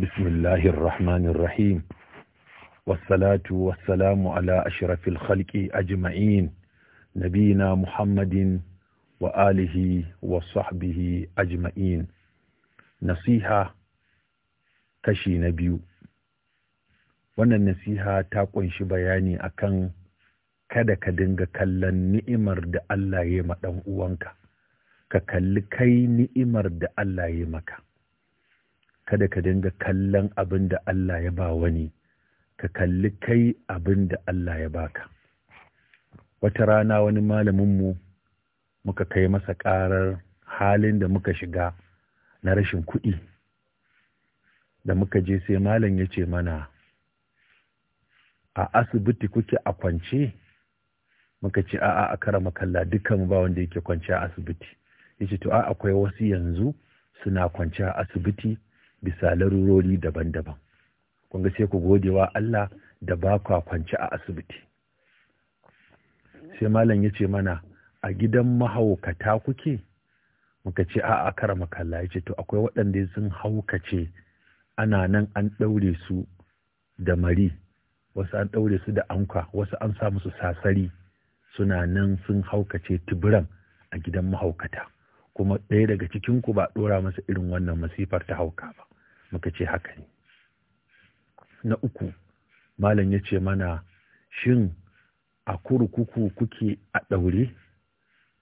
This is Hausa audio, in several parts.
بسم الله الرحمن الرحيم والصلاة والسلام على أشرف الخلق أجمعين نبينا محمد وآله وصحبه أجمعين نصيحة كشي نبيو wannan nasiha ta ƙunshi bayani akan kada ka dinga kallon ni'imar da Allah ya ma ɗan uwanka ka kalli kai ni'imar da Allah ya maka kada ka dinga kallon abin da Allah ya ba wani ka kalli kai abin da Allah ya baka wata rana wani malaminmu muka kai masa ƙarar halin da muka shiga na rashin kuɗi da muka je sai malam ya ce mana a asibiti kuke a kwance muka ce a'a a kara makalla dukkan ba wanda yake kwance a asibiti ya to a akwai wasu yanzu suna kwance a asibiti bisa larurori daban-daban kun ga sai ku gode wa Allah da ba kwa kwance a asibiti sai malam ya ce mana a gidan mahaukata kuke muka ce a'a kara makalla ya ce to akwai waɗanda sun haukace ana nan an ɗaure su da mari wasu an ɗaure su da anka wasu an sa musu sasari suna nan sun haukace tuburan a gidan mahaukata kuma ɗaya daga cikin ku ba ɗora masa irin wannan masifar ta hauka ba muka ce haka ne na uku malam ya ce mana shin a kurkuku kuke a ɗaure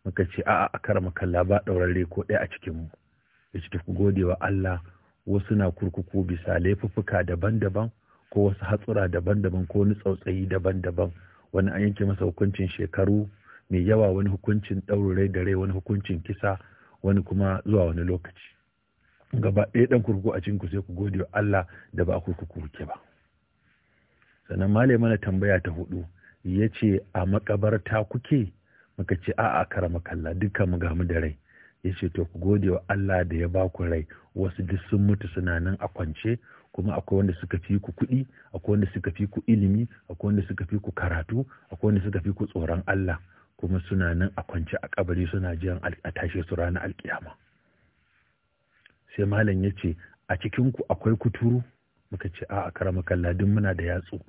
muka ce a'a a karama kalla ba ɗaurare ko ɗaya a cikinmu ya ce ku gode wa Allah wasu na kurkuku bisa laifuffuka daban-daban ko wasu hatsura daban-daban ko wani tsautsayi daban-daban wani an yanke masa hukuncin shekaru mai yawa wani hukuncin ɗaurare da rai wani hukuncin kisa wani kuma zuwa wani lokaci gaba ɗaya ɗan kurkuku a cikinku sai ku gode wa Allah da ba a kurkuku rike ba sannan male mana tambaya ta hudu ya ce a makabarta kuke muka ce a a kara makalla dukkan mu gamu da rai ya ce to ku gode wa Allah da ya ba ku rai wasu duk sun mutu suna nan a kwance kuma akwai wanda suka fi ku kuɗi akwai wanda suka fi ku ilimi akwai wanda suka fi ku karatu akwai wanda suka fi ku tsoron Allah kuma suna nan a kwance a kabari suna jiran a tashe su ranar alkiyama sai malam ya ce a cikinku akwai kuturu muka ce a karama kalla duk muna da yatsu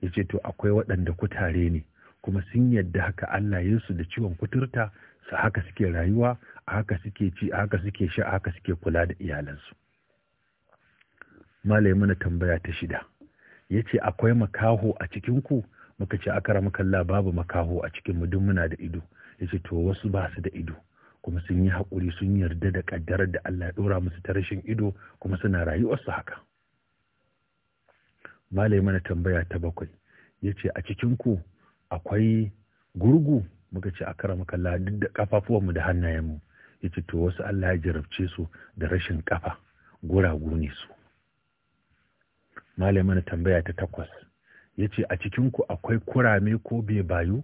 ya ce to akwai waɗanda kutare ne kuma sun yadda haka Allah ya su da ciwon kuturta su haka suke rayuwa a haka suke ci a haka suke sha a haka suke kula da iyalansu Malam mana tambaya ta shida ya ce akwai makaho a cikinku muka ce akara kalla babu makaho a cikin mu duk muna da ido yace to wasu ba su da ido kuma sun yi haƙuri sun yarda da ƙaddarar da Allah ya ɗora musu ta rashin ido kuma suna su haka. Malai mana tambaya ta bakwai ya ce a ku akwai gurgu muka ce a kara kalla duk da ƙafafuwanmu da hannayenmu ya ce to wasu Allah ya jarabce su da rashin ƙafa guragu ne su. Malai mana tambaya ta takwas ya ce a cikinku akwai kurame ko bai bayu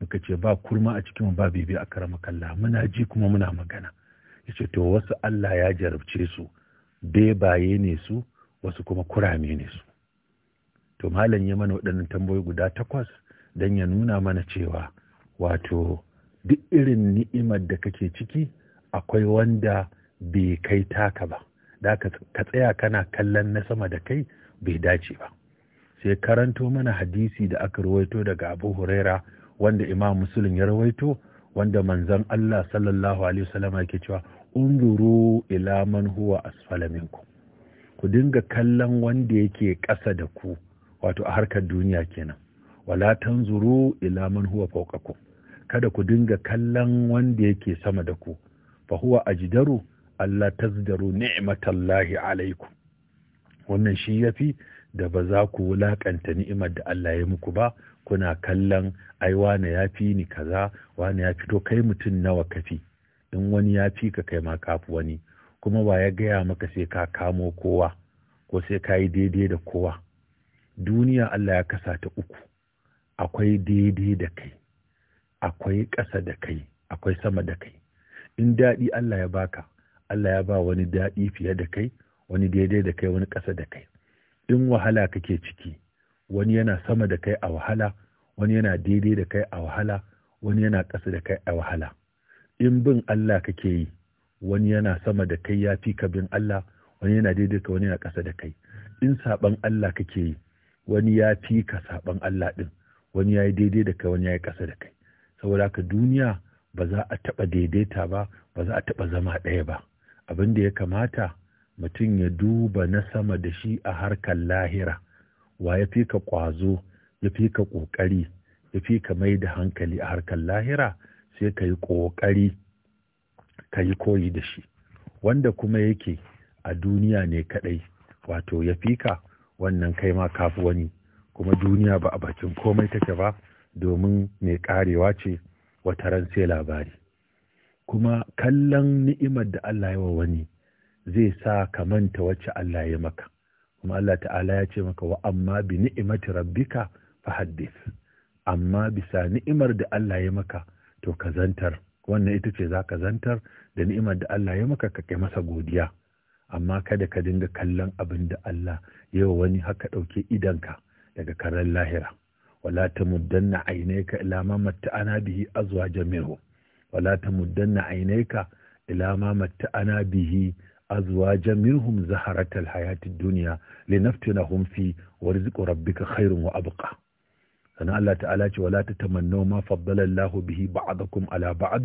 muka ce ba kurma a cikin ba bibi a karama kalla muna ji kuma muna magana ya ce to wasu Allah ya jarabce su bebaye ne su wasu kuma kurame ne su to malam ya mana waɗannan tambayoyi guda takwas don ya nuna mana cewa wato duk irin ni'imar da kake ciki akwai wanda bai kai taka ba da ka tsaya kana kallon na sama da kai bai dace ba sai karanto mana hadisi da aka rawaito daga abu huraira wanda imam musulun ya rawaito wanda manzon Allah sallallahu alaihi wasallam yake cewa unzuru ila man huwa asfala minkum ku dinga kallon wanda yake ƙasa da ku wato a harkar duniya kenan wala tanzuru ila man huwa fawqakum kada ku dinga kallon wanda yake sama da ku fa huwa ajdaru Allah tazdaru ni'matallahi alaikum wannan shi yafi da ba za ku wulaƙanta ni'imar da Allah ya muku ba kuna kallon ai wane ya fi ni kaza wane ya fito kai mutum nawa kafi in wani ya fi ka kai ma wani kuma wa ya gaya maka sai ka kamo kowa ko sai ka yi daidai da kowa duniya Allah ya kasa ta uku akwai daidai da kai akwai ƙasa da kai akwai sama da kai in daɗi Allah ya baka Allah ya ba wani daɗi fiye da kai wani daidai da kai wani ƙasa da kai in wahala kake ciki wani yana sama da kai a wahala wani yana daidai da kai a wahala wani yana ƙasa da kai a wahala in bin Allah kake yi wani yana sama da kai ya fi ka bin Allah wani yana daidai ka wani yana ƙasa da kai in saɓan Allah kake yi wani ya fi ka saɓan Allah ɗin wani ya yi daidai da kai wani ya yi ƙasa da kai saboda ka duniya ba za a taɓa daidaita ba ba za a taɓa zama ɗaya ba abin da ya kamata mutum ya duba na sama da shi a harkar lahira wa ya fi ka ƙwazo ya fi ka ƙoƙari ya fi ka mai da hankali a harkar lahira sai ka yi ƙoƙari ka yi koyi da shi wanda kuma yake a duniya ne kaɗai wato ya fi ka wannan kai ma kafi wani kuma duniya ba a bakin komai take ba domin mai ƙarewa ce wata ran sai labari kuma kallon ni'imar da Allah ya wa wani zai sa ka manta wacce Allah ya maka kuma Allah ta'ala ya ce maka wa amma bi ni'imati rabbika fa haddith amma bisa ni'imar da Allah ya maka to ka zantar wannan ita ce za ka zantar da ni'imar da Allah ya maka ka kai masa godiya amma kada ka dinga kallon abin da Allah yi wani haka ɗauke ka daga karen lahira wala ta muddanna ainaika ila ma matta'ana bihi azwaja minhu wala ta muddanna ila ma matta'ana bihi أزواجا منهم زهرة الحياة الدنيا لنفتنهم في ورزق ربك خير وأبقى أنا الله تعالى ولا تتمنوا ما فضل الله به بعضكم على بعض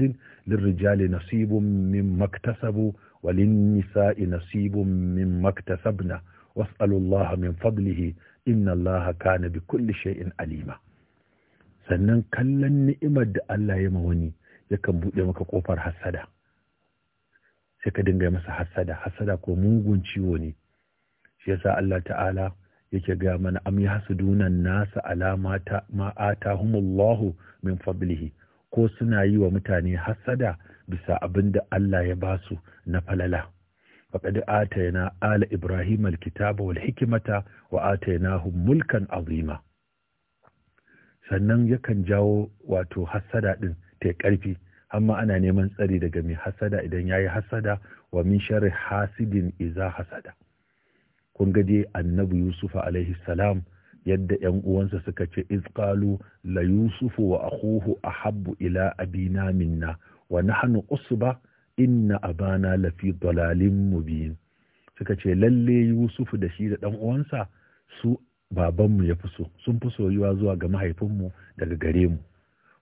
للرجال نصيب مما اكتسبوا وللنساء نصيب مما اكتسبنا واسألوا الله من فضله إن الله كان بكل شيء أليما كلا نئمد الله يموني يكبو يمك قفر حسده sai ka dinga masa hasada hasada ko mugun ciwo ne shi yasa Allah ta'ala yake ga mana am yahsudunan nasa alama ta ma atahumullahu min fadlihi ko suna yi wa mutane hasada bisa abinda Allah ya ba su na falala faqad atayna ala ibrahim alkitaba wal hikmata wa atainahum mulkan azima sannan yakan jawo wato hasada din ta ƙarfi amma ana neman tsari daga mai hasada idan ya yi hasada wa min sharri hasidin iza hasada kun ga annabi yusuf alaihi salam yadda ‘yan uwansa suka ce izqalu la yusufu wa akhuhu ahabbu ila abina minna wa nahnu usba inna abana lafi dalalin mubin suka ce lalle yusuf da shi da dan uwansa su babanmu ya fi so sun fi soyuwa zuwa ga mahaifinmu daga gare mu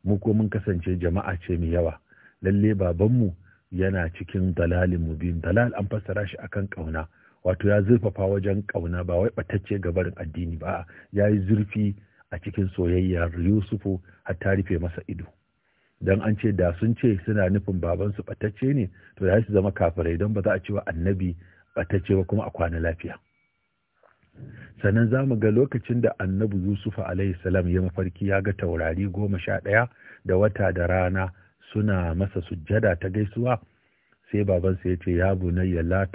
mu ko mun kasance jama'a ce mai yawa lalle babanmu yana cikin dalalin mu mubin dalal an fassara shi akan kauna wato ya zurfafa wajen kauna ba wai batacce gabarin addini ba ya yi zurfi a cikin soyayyar yusufu har ta rufe masa ido dan an ce da sun ce suna nufin babansu batacce ne to ya su zama kafirai don ba za a ce wa annabi batacce ba kuma a kwana lafiya sannan za mu ga lokacin da annabi Yusuf alaihi ya mafarki ya ga taurari goma sha ɗaya da wata da rana suna masa sujjada ta gaisuwa sai babansa ya ce ya bunayya la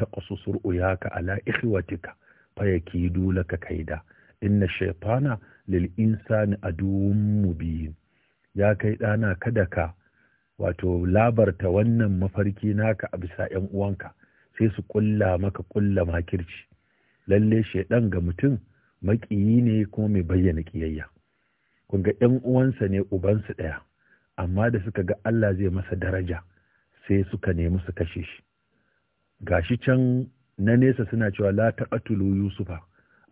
ya ka, ala ikhwatika fa yakidu ka kaida inna shaytana lil insani aduwwun mubin ya kai ɗana kada ka wato labarta wannan mafarki naka a bisa ‘yan uwanka sai su ƙulla maka ƙulla makirci lalle shaidan ga mutum maƙiyi ne kuma mai bayyana kiyayya. kun ga 'yan uwansa ne ubansu ɗaya amma da suka ga Allah zai masa daraja sai suka nemi su kashe shi gashi can na nesa suna cewa la taqatulu yusufa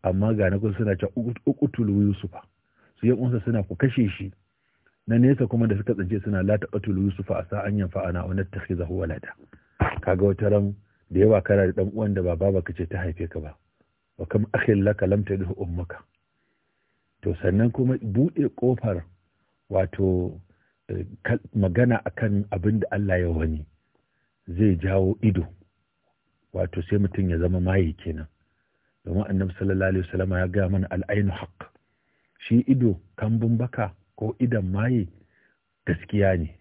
amma ga na kun suna cewa uqtulu su yan uwansa suna ku kashe shi na nesa kuma da suka tsince suna la taqatulu yusufa a an yanfa ana wa nattakhizahu walada kaga wata ran da yawa kana da dan uwan da ba baba kace ta haife ka ba wa kam akhin laka lam tadhu ummuka to sannan kuma buɗe ƙofar wato eh, magana akan abin da Allah ya wani zai jawo ido wato sai mutum ya zama maye kenan domin annabi sallallahu alaihi wasallam ya ga mana al'ainu haqq shi ido kambun baka ko idan maye gaskiya ne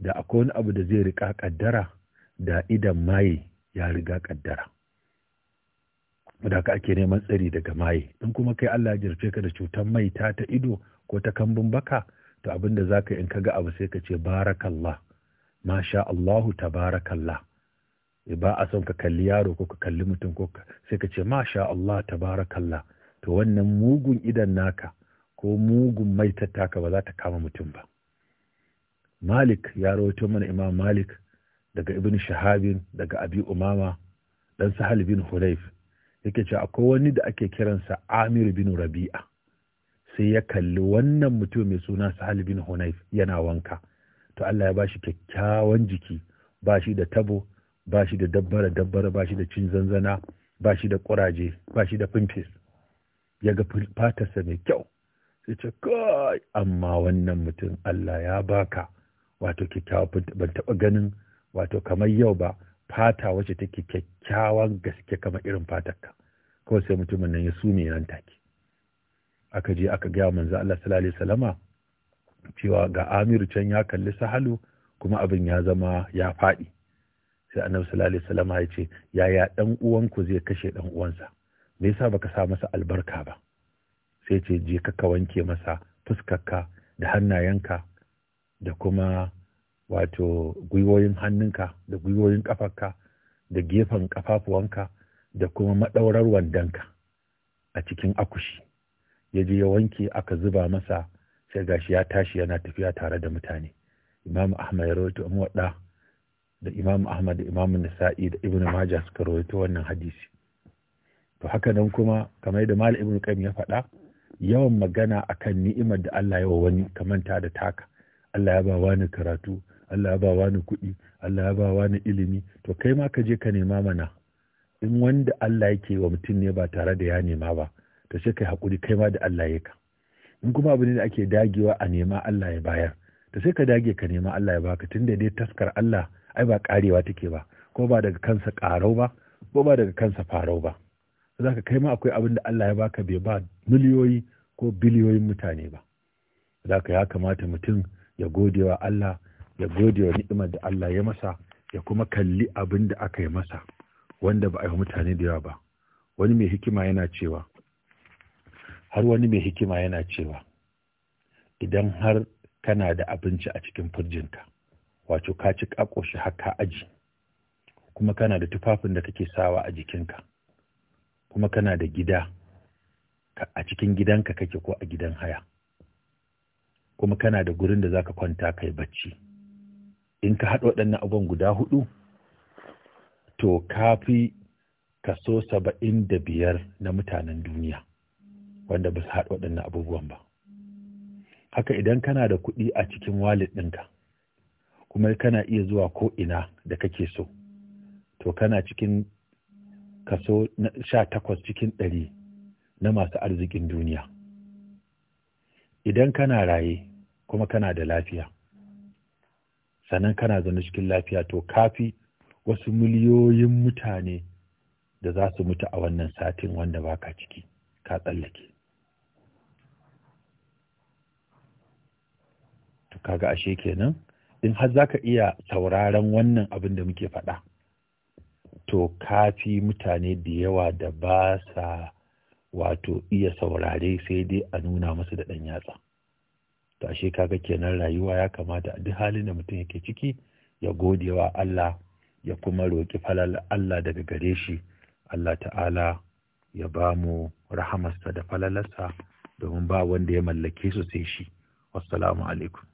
da akwai wani abu da zai riƙa ƙaddara da idan maye ya riga ƙaddara da ka ake neman tsari daga maye in kuma kai Allah ya jirce ka da cutar mai ta ta ido ko ta kambun baka to abin da zaka in ka ga abu sai ka ce barakallah masha Allahu tabarakallah e, ba a son ka kalli yaro ko ka kalli mutum ko sai ka ce masha Allah tabarakallah to wannan mugun idan naka ko mugun mai tattaka ba za ta kama mutum ba Malik ya rawaito mana Imam Malik daga Ibn Shahabin daga Abi Umama dan Sahal bin Hulaif yake ce akwai wani da ake kiransa Amir bin Rabi'a sai ya kalli wannan mutum mai suna Sahal bin Hunayf yana wanka to Allah ya bashi kyakkyawan jiki bashi da tabo bashi da dabbara dabbara bashi da cin zanzana bashi da kuraje bashi da pimpis ya ga fatarsa mai kyau sai ce kai amma wannan mutum Allah ya baka wato kyakkyawan ban taɓa ganin wato kamar yau ba fata wacce take kyakkyawan gaske kamar irin fatarka kawai sai mutumin nan ya sume nan take aka je aka gaya manzo Allah sallallahu alaihi wasallama cewa ga Amiru can ya kalli Sahalu kuma abin ya zama ya faɗi sai annabi sallallahu alaihi wasallama ya ce yaya dan uwanku zai kashe dan uwansa me yasa baka sa masa albarka ba sai ce je ka wanke masa fuskarka da hannayenka da kuma wato gwiwoyin hannunka da gwiwoyin kafarka, da gefen kafafuwanka, da kuma maɗaurar wandonka a cikin akushi ya je ya wanke aka zuba masa sai gashi ya tashi yana tafiya tare da mutane imam ahmad ya rawaito muwadda da imam ahmad da imam nasa'i da ibn majah suka rawaito wannan hadisi to haka nan kuma kamar da mal ibn qayyim ya faɗa yawan magana akan ni'imar da Allah ya wa wani kamanta da taka Allah ya ba wani karatu Allah ya ba wani kuɗi Allah ya ba wani ilimi to kai ma ka je ka nema mana in wanda Allah yake wa mutum ne ba tare da ya nema ba to sai kai haƙuri kai ma da Allah ya ka in kuma abu ne da ake dagewa a nema Allah ya bayar to sai ka dage ka nema Allah ya baka tunda dai taskar Allah ai ba karewa take ba ko ba daga kansa karau ba ko ba daga kansa farau ba za ka kai ma akwai abin da Allah ya baka bai ba miliyoyi ko biliyoyin mutane ba za ka ya kamata mutum ya gode wa Allah ya gode wa ni'imar da Allah ya masa ya kuma kalli abin da aka yi masa wanda ba a yi mutane da yawa ba wani mai hikima yana cewa har wani mai hikima yana cewa idan har kana da abinci a cikin firjinka wato ka ci kakoshi haka aji kuma kana da tufafin da kake sawa a jikinka kuma kana da gida a cikin gidanka kake ko a gidan haya kuma kana da gurin da zaka kwanta kai bacci in ka haɗa waɗannan abubuwan guda hudu to kafi kaso saba'in da biyar na mutanen duniya wanda ba su haɗa waɗannan abubuwan ba haka idan kana da kuɗi a cikin walid ɗinka kuma kana iya zuwa ko ina da kake so to kana cikin kaso sha takwas cikin ɗari na masu arzikin duniya idan kana raye kuma kana da lafiya sannan kana zaune cikin lafiya to kafi wasu miliyoyin mutane da za su mutu a wannan satin wanda baka ciki ka tsallake to kaga ashe kenan in har zaka iya sauraron wannan abin da muke faɗa to kafi mutane da yawa da ba sa wato iya saurare sai dai a nuna masu da ɗan yatsa to ashe kaga kenan rayuwa ya kamata a duk halin da mutum yake ciki ya gode wa Allah ya kuma roƙi falal Allah daga gare shi Allah ta'ala ya ba mu rahamarsa da falalarsa domin ba wanda ya mallake su sai shi wassalamu alaikum